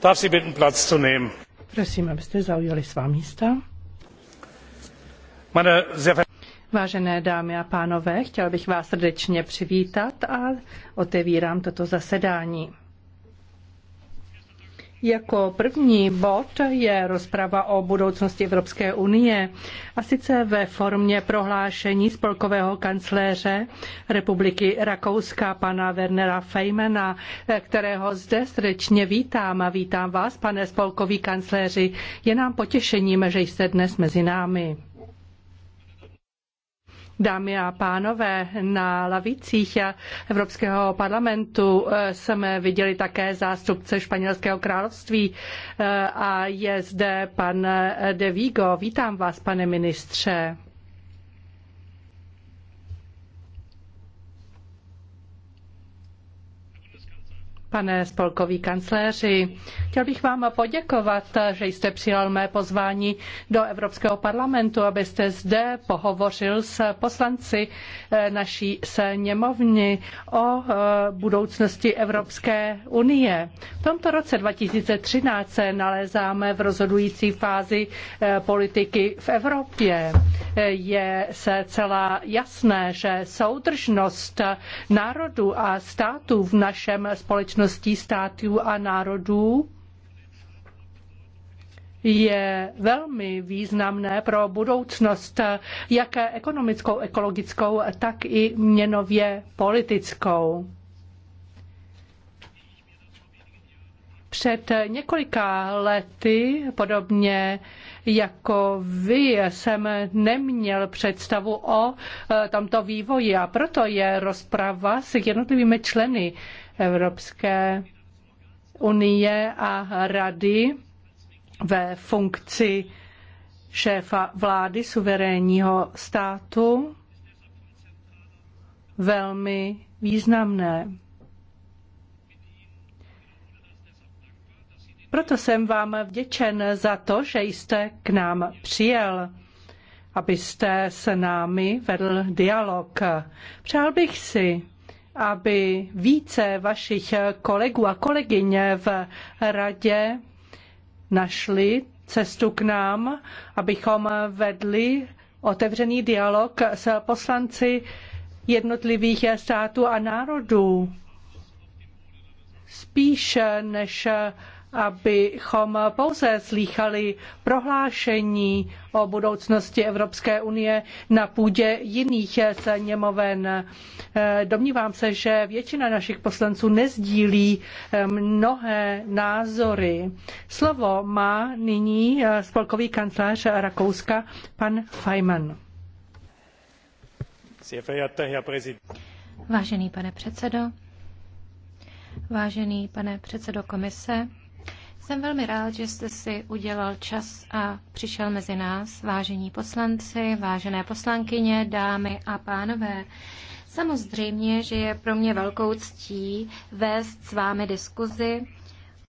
Darf Sie bitten, Platz zu nehmen. Prosím, abyste zaujali svá místa. Meine sehr Vážené dámy a pánové, chtěl bych vás srdečně přivítat a otevírám toto zasedání. Jako první bod je rozprava o budoucnosti Evropské unie a sice ve formě prohlášení spolkového kancléře Republiky Rakouska pana Wernera Feymana, kterého zde srdečně vítám a vítám vás, pane spolkový kancléři. Je nám potěšením, že jste dnes mezi námi. Dámy a pánové, na lavicích Evropského parlamentu eh, jsme viděli také zástupce Španělského království eh, a je zde pan De Vigo. Vítám vás, pane ministře. Pane spolkový kancléři, chtěl bych vám poděkovat, že jste přijal mé pozvání do Evropského parlamentu, abyste zde pohovořil s poslanci eh, naší sněmovny o eh, budoucnosti Evropské unie. V tomto roce 2013 se nalézáme v rozhodující fázi eh, politiky v Evropě je se celá jasné, že soudržnost národů a států v našem společnosti států a národů je velmi významné pro budoucnost jak ekonomickou, ekologickou, tak i měnově politickou. Před několika lety, podobně jako vy, jsem neměl představu o e, tomto vývoji a proto je rozprava s jednotlivými členy Evropské unie a rady ve funkci šéfa vlády suverénního státu velmi významné. Proto jsem vám vděčen za to, že jste k nám přijel abyste s námi vedl dialog. Přál bych si, aby více vašich kolegů a kolegyň v radě našli cestu k nám, abychom vedli otevřený dialog s poslanci jednotlivých států a národů. spíše než abychom pouze slýchali prohlášení o budoucnosti Evropské unie na půdě jiných sněmoven. Domnívám se, že většina našich poslanců nezdílí eh, mnohé názory. Slovo má nyní eh, spolkový kancléř Rakouska, pan Feynman. Vážený pane předsedo, vážený pane předsedo komise, jsem velmi rád, že jste si udělal čas a přišel mezi nás, vážení poslanci, vážené poslankyně, dámy a pánové. Samozřejmě, že je pro mě velkou ctí vést s vámi diskuzi